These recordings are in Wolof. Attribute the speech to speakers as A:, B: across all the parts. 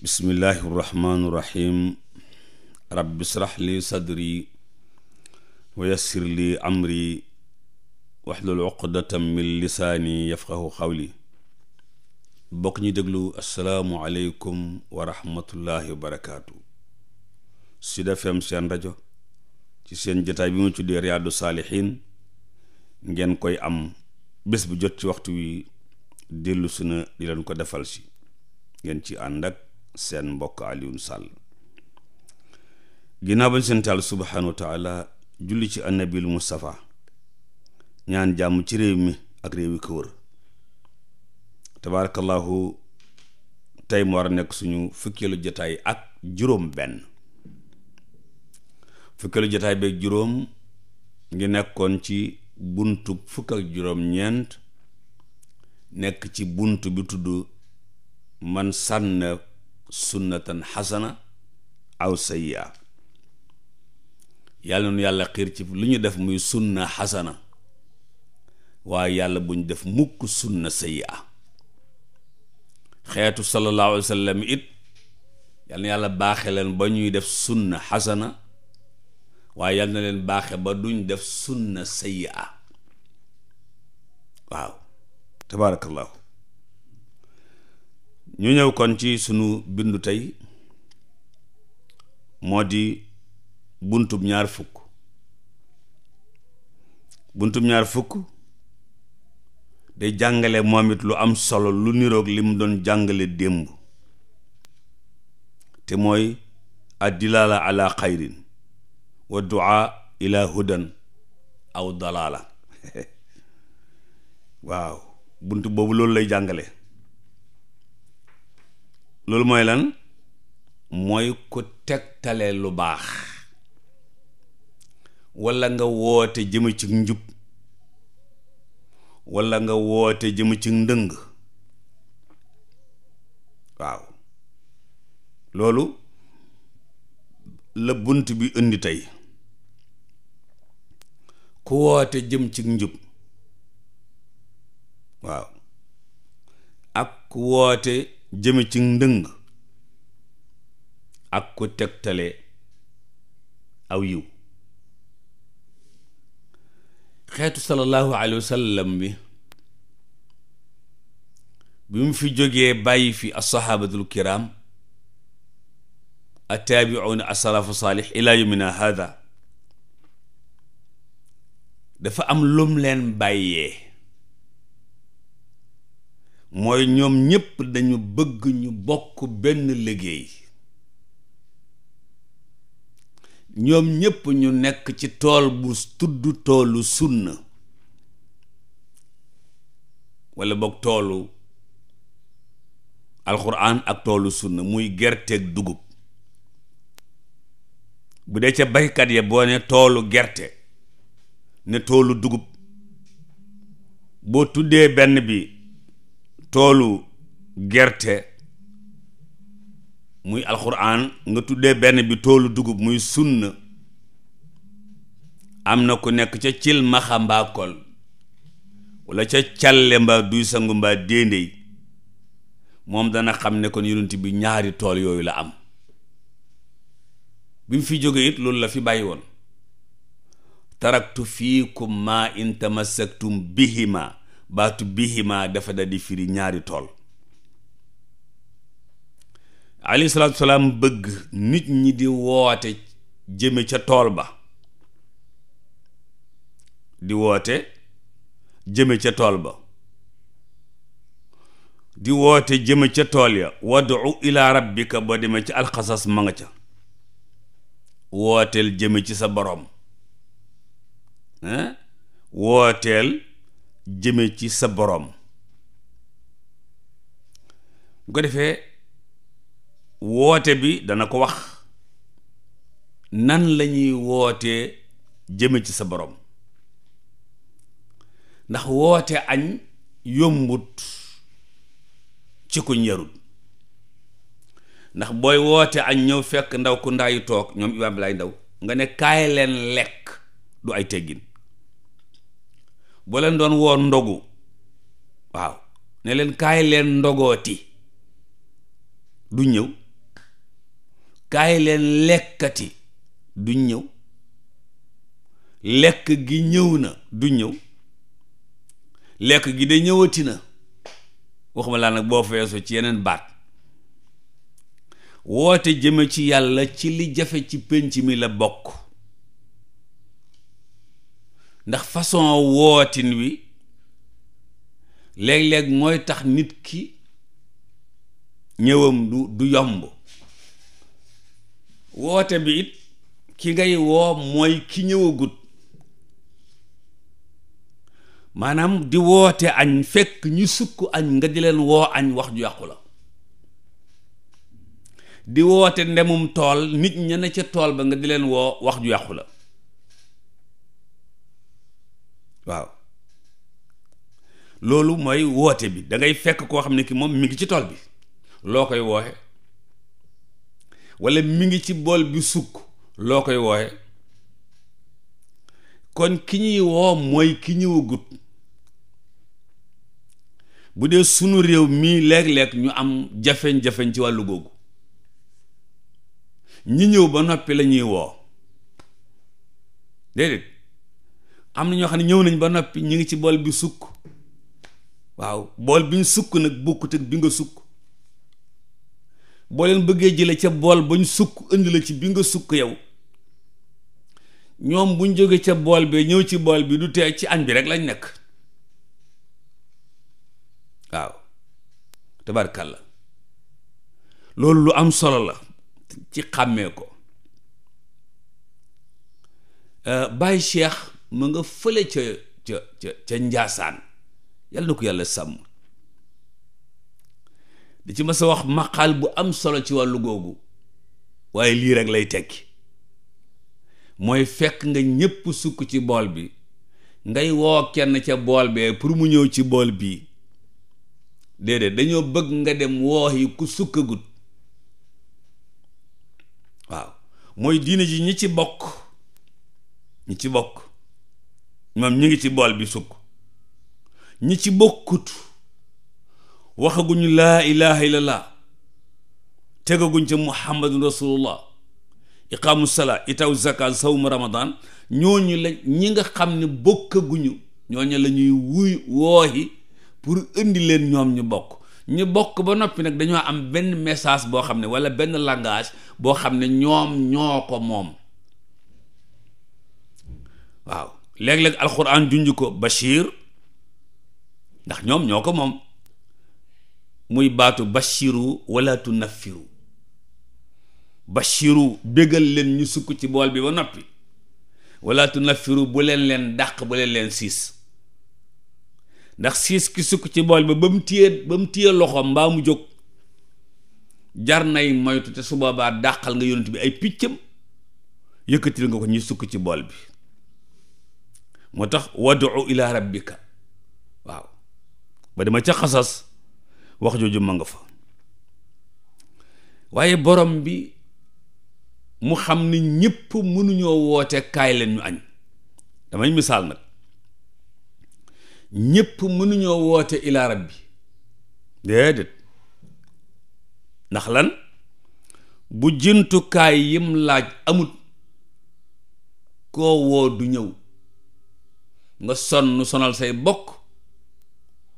A: bismillahi irrahmaani irrahim rabbi israh li sadri wa yassir li amri waxlul uqdatan lisaani yafqahu xawli bokk ñu déglu asalaamu aleykum wa rahmatullahi wa barakaatu seen rajo ci seen jotaay bi mu tuddee Riyadou Salihine ngeen koy am bés bu jot ci waxtu wi dellu su na di leen ko defal si ngeen ci ànd ak seen mbokk Alioune Sall ginnaaw bañ seen taal subhaanahu wa taala julli ci annabil Mustafa ñaan jàmm ci réew mi ak réew yi ko tey mu war a nekk suñu fukkeelu jataay ak juróom benn fukkeelu jataay beeg juróom ngi nekkoon ci buntu fukk ak juróom ñeent nekk ci bunt bi tudd man sànn sunnatan xasana aw sayyi'a yàlla nu yàlla xiir ci lu ñu def muy sunna xasana waaye yàlla buñ def mukk sunna sayyi'a xeetu sallallahu alayhi wa it yàlla yàlla baaxe leen ba ñuy def sunna xasana waaye yàlla na leen baaxe ba duñ def sunna sayyi'a waaw tabarakallahu ñu ñëw kon ci sunu bindu tey moo di buntub ñaar fukk buntub ñaar fukk day jàngale moom it lu am solo lu niroog li mu doon jàngale démb te mooy addilaala ala xayrin wa duaa ila hudan aw dalaala waaw bunt boobu loolu lay jàngale loolu mooy lan mooy ku tegtale lu baax walla nga woote jëm ci njub walla nga woote jëm ci ndëng waaw loolu la bunt bi indi tey ku woote jëm ci njub waaw ak ku woote jëme ci ndëng ak ko tegtale aw yiw xeetu sallallahu alayhi wa bi bi mu fi jógee bàyyi fi assahabatul kiram attaabiuuna asalafu saalix ila yumina hada dafa am lum leen bàyyee mooy ñoom ñépp dañu bëgg ñu bokk benn liggéey ñoom ñépp ñu nekk ci tool bu tudd toolu sunna walla boog toolu alxuraan ak toolu sunna muy gerteeg dugub bu dee ca baykat ya boo ne toolu gerte ne toolu dugub boo tuddee benn bi toolu gerte muy alxuraan nga tuddee benn bi toolu dugub muy sunna am na ku nekk ca cil maxa mbaa kol wala ca calle mbaa duy sangu mbaa déndéy moom dana xam ne kon yonent bi ñaari tool yooyu la am bi mu fi jógee it loolu la fi bàyyi woon taraktu fiikum ma in tamassaktum baatu bihima dafa da firi ñaari tool alayhi salaatu bëgg nit ñi di woote jëme ca tool ba di woote jëme ca tool ba di woote jëme ca tool ya wadu ilaa rabbika boo demee ca alxasas ma nga ca wooteel jëme ci sa boroom wooteel jëme ci sa boroom bu ko defee woote bi dana ko wax nan lañuy wootee jëme ci sa boroom ndax woote añ yombut ci ku ñarut ndax booy woote añ ñëw fekk ndaw ku ndaayu toog ñoom imaam lay ndaw nga ne kaay leen lekk du ay teggin boo leen doon woo ndogu waaw ne leen kaay leen ndogooti du ñëw kaay leen lekkati du ñëw lekk gi ñëw na du ñëw lekk gi de ñëwati na waxuma laa nag boo feesu ci yeneen baat woote jëme ci yàlla ci li jafe ci pénc mi la bokk ndax façon wootin wi léeg-léeg mooy tax nit ki ñëwam du yomb woote bi it ki ngay woo mooy ki ñëwagut maanaam di woote añ fekk ñu sukk añ nga di leen woo añ wax ju yàqu la di woote ndemum tool nit ña ne ca tool ba nga di leen woo wax ju yàqu la waaw loolu mooy woote bi dangay fekk koo xam ne ki moom mi ngi ci tool bi loo koy wooxe walla mi ngi ci bool bi sukk loo koy wooye kon ki ñuy woo mooy ki gut bu dee sunu réew mii léeg-léeg ñu am jafeñ-jafeñ ci wàllu googu ñu ñëw ba noppi lañuy ñuy woo déedéet am na ñoo xam ne ñëw nañ ba noppi ñu ngi ci bool bi sukk waaw bool bi ñu sukk nag bokkut ak bi nga sukk boo leen bëggee jële ca bool ba ñu sukk indi la ci bi nga sukk yow ñoom bu ñu jógee ca bool bi ñëw ci bool bi du tee ci añ bi rek lañ nekk waaw la loolu lu am solo la ci xàmmee ko euh, bàyyi cheikh mu nga fële ca ca ca ca njaasaan yàlla na ko yàlla sàmm da ci ma sa wax maqaal bu am solo ci wàllu googu waaye lii rek lay tekki mooy fekk nga ñépp sukk ci bool bi ngay woo kenn ca bool bee pour mu ñëw ci bool bii déedéet dañoo bëgg nga dem woo yi ku sukkagut waaw mooy diine ji ñi ci bokk ñi ci bokk ñoom ñi ngi ci bool bi sukk ñi ci bokkut waxaguñu laa ilaha illallah tegaguñ ca muhammadun rasulullah iqaamu salaa itaw zakat sawm ramadan ñooñu la ñi nga xam ne bokkaguñu ñooñu la lañuy wuy woohi pour indi leen ñoom ñu bokk ñu bokk ba noppi nag dañoo am benn message boo xam ne walla benn langage boo xam ne ñoom ñoo ko moom waaw léeg-léeg alxuraan junj ko bashir ndax ñoom ñoo ko moom muy baatu bashiru wala tunaffiru bashiru bégal leen ñu sukk ci bool bi ba noppi wala tunaffiru bu leen leen dàq bu leen leen siis ndax siis ki sukk ci bool bi ba mu téye ba mu téye loxoom mbaa mu jóg jar nay moytu te su boobaa dàqal nga yonent bi ay piccam yëkkatil nga ko ñu sukk ci bool bi moo tax wadu ila rabbika waaw ba dama ca xasas wax jooju ma nga fa waaye borom bi mu xam ni ñëpp mënuñoo woote kaay leen ñu añ damay misaal nag ñëpp mënuñoo woote ila rabbi déedéet ndax lan bu jëntukaay yim laaj amut koo woo du ñëw nga sonn sonal say bokk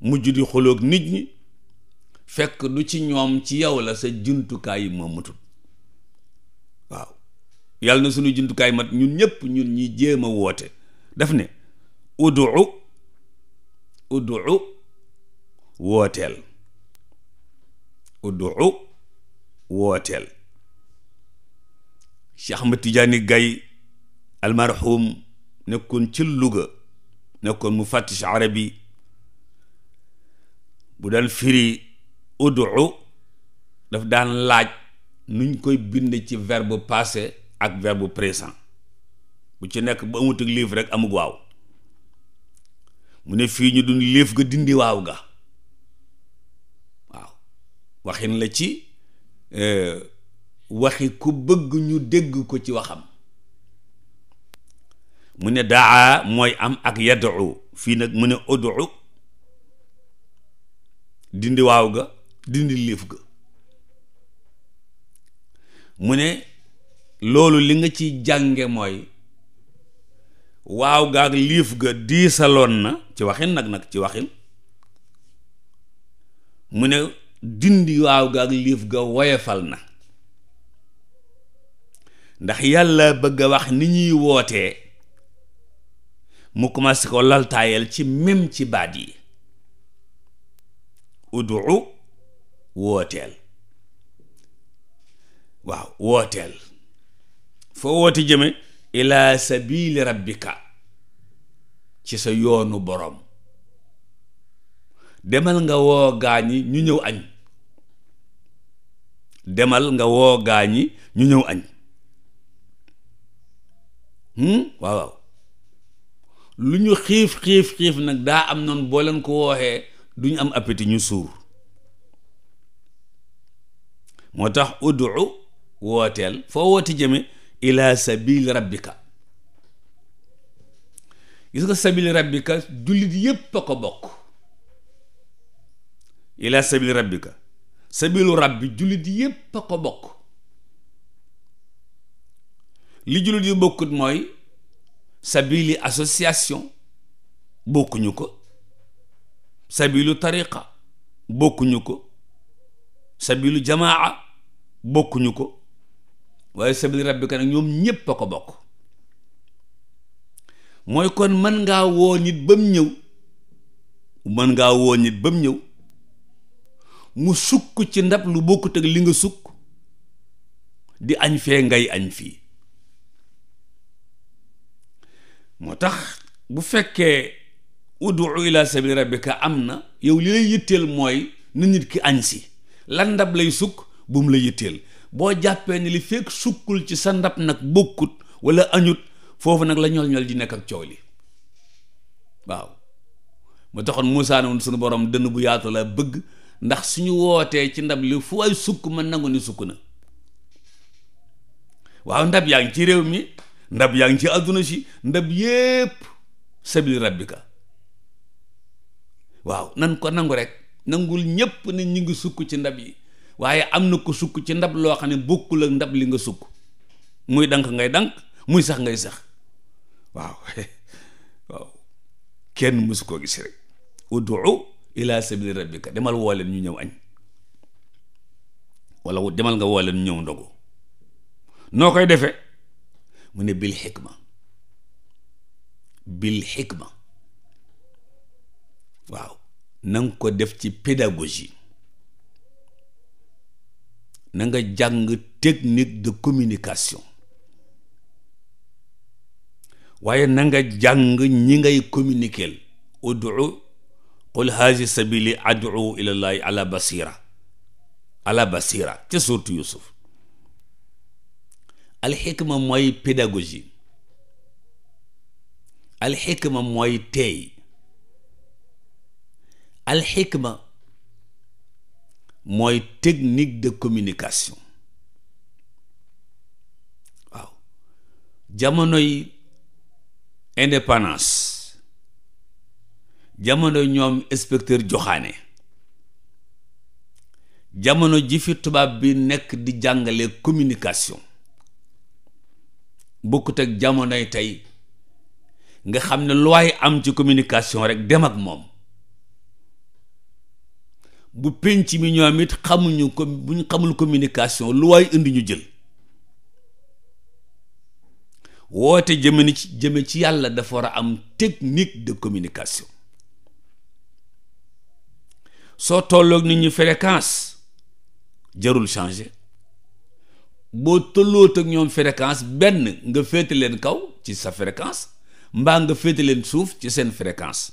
A: mujj di xoloog nit ñi fekk du ci ñoom ci yow la sa jumtukaay yi moo matul waaw yàlla na sunu jumtukaay mat ñun ñëpp ñun ñi jéem a woote daf ne udu udu wooteel udu wooteel Cheikh Ahmad Tidiane gay almarhum nekkoon ci Louga nekkoon mu fattish arabi bu daan firi udu daf daan laaj nuñ koy bind ci verbe passé ak verbe présent bu ci nekk bu amut ak liif rek amug waaw mu ne fii ñu dund liif ga dindi waaw ga waaw waxin la ci euh, waxi ku bëgg ñu dégg ko ci waxam mu ne daa mooy am ak yadu fii nag mu ne dindi waaw ga dindi liif ga mu ne loolu li nga ci jànge mooy waaw ga ak liif ga diisaloon na ci waxin nag nag ci waxin mu ne dindi waaw ga ak liif ga woyefal na ndax yàlla bëgg wax ni ñuy wootee mu commencé ko laltaayal ci même ci baat yi udu wooteel waaw wooteel foo woote jëme ila sabili rabbika ci sa yoonu boroom demal nga woo gaañi ñu ñëw añ demal nga woo gaañi ñu ñëw añ hmm? waaw lu ñu xiif xiif xiif nag daa am noonu boo ko wooxee du ñu am appétit ñu suur moo tax udu wooteel foo woote jëme ila sabili rabbika gis nga sabili rabbika jullit yépp a ko bokk ila sabili rabbika sabilu rabbi jullit yépp a ko bokk li jullit yu bokkut mooy sabili association bokkuñu ko sabilu tariqa bokkuñu ko sabilu jamaa bokkuñu ko waaye sabili rabbika nag ñoom ñépp a ko bokk mooy kon mën ngaa woo nit ba mu ñëw woo nit ba mu ñëw mu sukk ci ndab lu bokkut li nga sukk di añ fee ngay añ fii moo tax bu fekkee udu ila sabili rabbika am na yow li lay yitteel mooy na nit ki añ si lan ndab lay sukk bu mu la yitteel boo jàppee ni li fekk sukkul ci sa ndab nag bokkut wala añut foofu nag la ñol ñol di nekk ak coow li waaw mu taxoon Moussa ne woon borom dënn bu yaatu la bëgg ndax su ñu wootee ci ndab li fu ay sukk ma nangu ni sukk na waaw ndab yaa ngi ci réew mi ndab yaa ngi ci àdduna si ndab yépp sabili rabbika waaw nan ko nangu rek nangul ñépp ne ñu ngi sukk ci ndab yi waaye am na ko sukk ci ndab loo xam ne bokkul ak ndab li nga sukk muy dank ngay dank muy sax ngay sax waaw kenn mësu koo gis rek ud'u ila sabili rabbika demal woo leen ñu ñëw añ wala demal nga woo leen ñu ñëw ndogu noo koy defee mu ne bil xikma bil xikma waaw na ko def ci pédagogie na nga jàng technique de communication waaye nanga nga jàng ñi ngay communiquer udu qul haazi sabili adu ilallahi ala basira ala basira ca suurtu yusuf alxikma mooy pédagogie alxikma mooy teey alxikma mooy technique de communication waaw jamonoy indépendance jamono ñoom inspecteur joxaane jamono ji fi tubaab bi nekk di jàngale communication bokkut ak jamonoy tey nga xam ne lu waay am ci communication rek dem ak moom bu penc mi ñoom it xamuñu xamul communication lu waay indi ñu jël woote jëme ni ci jëme ci yàlla dafa war a am technique de communication soo tolloog nit ñi fréquence jërul changer boo tëlloo teg ñoom fréquence benn nga féete leen kaw ci sa fréquence mbaa nga féete leen suuf ci seen fréquence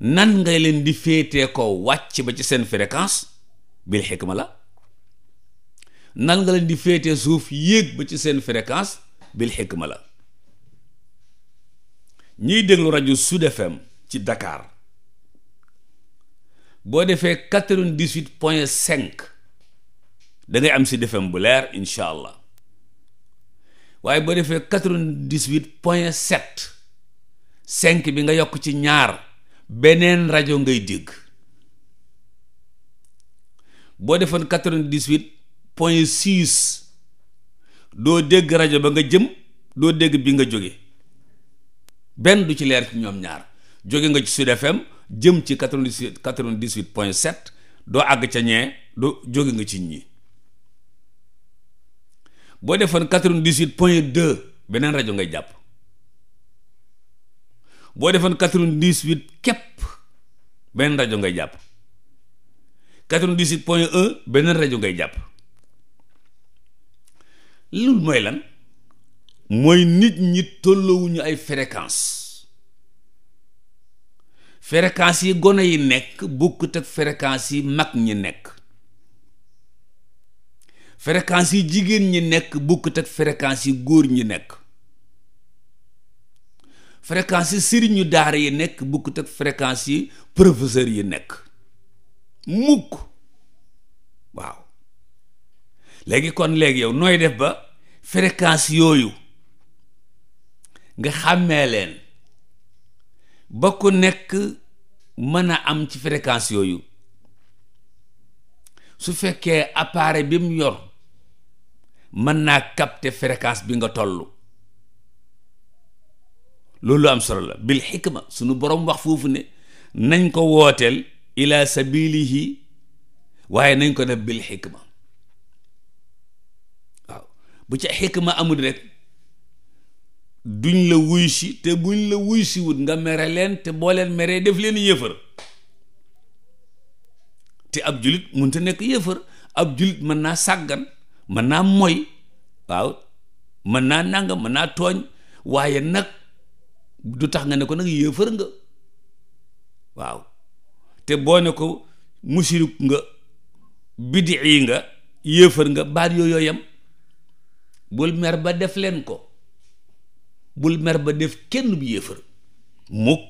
A: nan ngay leen di féetee ko wàcc ba ci seen fréquence bil xikma la nan nga leen di féetee suuf yéeg ba ci seen fréquence bil xikma la ñiy déglu rajo Sud FM ci dakaar boo defee quatre vingt point cinq dangay am si defem bu leer incha allah waaye boo defee quatre dix huit point sept cinq bi nga yokk ci ñaar beneen rajo ngay dégg boo defoon quatre dix huit point six doo dégg rajo ba nga jëm doo dégg bi nga jóge benn du ci leer ci ñoom ñaar jóge nga ci Sud FM jëm ci quatre-vingt-dix-huit quatre dix huit point sept doo àgg ca ñee doo jóge nga ci ñi boo defoon quatre-vingt-dix-huit point deux beneen rajo ngay jàpp boo defoon quatre-vingt-dix-huit képp beneen rajo ngay jàpp quatre vingt huit point un beneen rajo ngay jàpp loolu mooy lan mooy nit ñi tolloowuñu ay fréquence fréquence yi gone yi nekk bokkut ak fréquence yi mag ñi nekk fréquence yi jigéen ñi nekk bokkut ak fréquence yi góor ñi nekk fréquence yi sëriñu daar yi nekk bokkut ak fréquence yi professeur yi nekk mukk waaw léegi kon léegi yow nooy def ba fréquence yooyu nga xàmmee leen ba ku nekk mën a am ci fréquence yooyu su fekkee appareil bi mu yor mën naa capter fréquence bi nga tollu loolu am solo la bil xikma sunu boroom wax foofu ne nañ ko wooteel ila sabilihi waaye nañ ko def bil xikma waaw bu ca xikma amul rek duñ la wuy si te buñ la wuy si wut nga mere leen te boo leen meree def leen yëfër te ab julit mënta nekk yëfër ab julit mën naa sàggan man naa moy waaw mën naa nang mën naa tooñ waaye nag du tax nga ne ko nag yéefar nga waaw te boo ne ko musirik nga bidii nga yéefar nga baat yooyu yam bul mer ba def leen ko bul mer ba def kenn bu yéefar mukk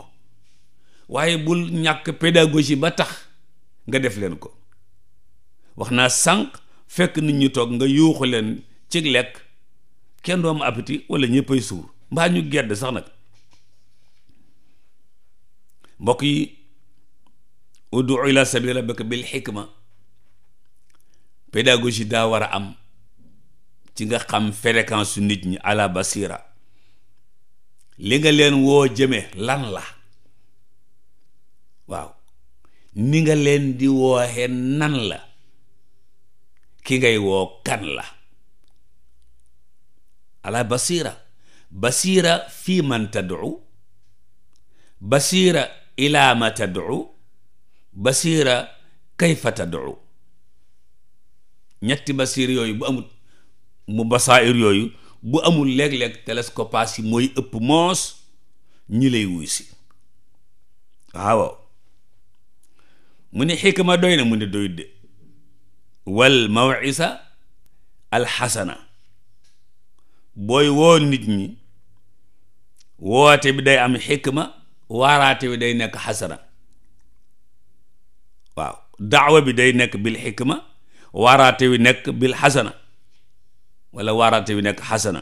A: waaye bul ñàkk pédagogie ba tax nga def leen ko wax naa sànq fekk nit ñu toog nga yuuxu leen ci lekk kenn du am appétit wala ñëppay suur mbaa ñu gedd sax nag mbokk yi uddu ila sabili rabbika bil xikma pédagogie daa war a am ci nga xam fréquence su nit ñi ala basira li nga leen woo jëme lan la waaw ni nga leen di wooxee nan la ki ngay woo kan la ala basira basira fii man tad'u basira ilaa ma tad'u basira kayfa tad'u ñetti basir yooyu bu amul mu basair yooyu bu amul léeg-léeg télescopas yi mooy ëpp moos ñi lay wuy si mu ne xikma doy na mu ne doyut de wal mawisa alxasana booy woo nit ñi woote bi day am xikma waaraate wi day nekk xasana waaw daawa bi day nekk bil xikma waaraate bi nekk bil xasana wala waraate bi nekk xasana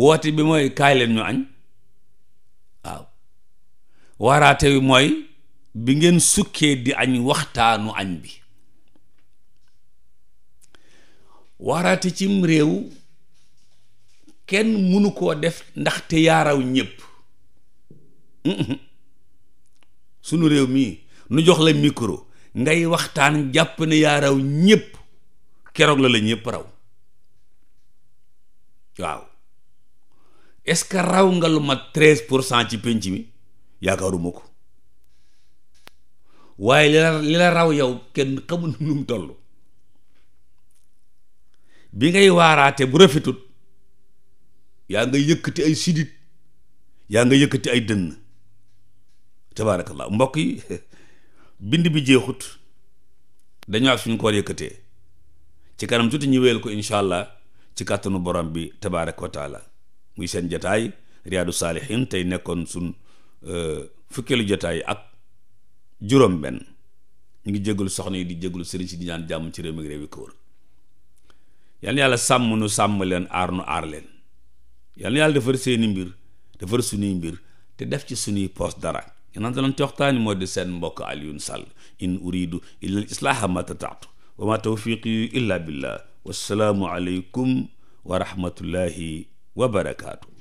A: woote bi mooy kaay leen ñu añ waaw waaraate bi mooy bi ngeen sukkee di añ waxtaanu añ bi waaraate cim réew kenn mënu koo def ndaxte yaaraw ñépp mm-hmm. sunu réew mii nu jox la micro ngay waxtaan jàpp ne yaaraw ñépp keroog la la ñépp raw waaw est-ce que raw nga lu mat treize pour cent ci pénc mi yaakaaruma ko waaye li la li la raw yow kenn xamul nu mu toll bi ngay waaraate bu rafetut yaa nga yëkkati ay sidit yaa nga yëkkati ay dënn tabaarakallah mbokk yi bind bi jeexut dañoo ak suñ ko war yëkkatee ci kanam tuuti ñu wéyal ko incha allah ci kàttanu borom bi tabaaraka wa muy seen jataay riyaadu saalihin tey nekkoon suñ euh, fukkeelu jataay ak juróom benn ñu ngi jégalu soxna yi di jégalu sëriñ si di ñaan jàmm ci réew mi réew yi ko wër yal yàlla sàmm nu sàmm leen aar nu aar leen yal na yàlla defar seeni mbir defar suñuy mbir te def ci suñuy poos dara yenaan ta loon ci waxtaani moo di seen mbokk Alioune Sall in uridu illa al islaaha ma tataatu wa ma tawfiqi illa billah wassalaamu aleykum wa rahmatullahi wa barakaatu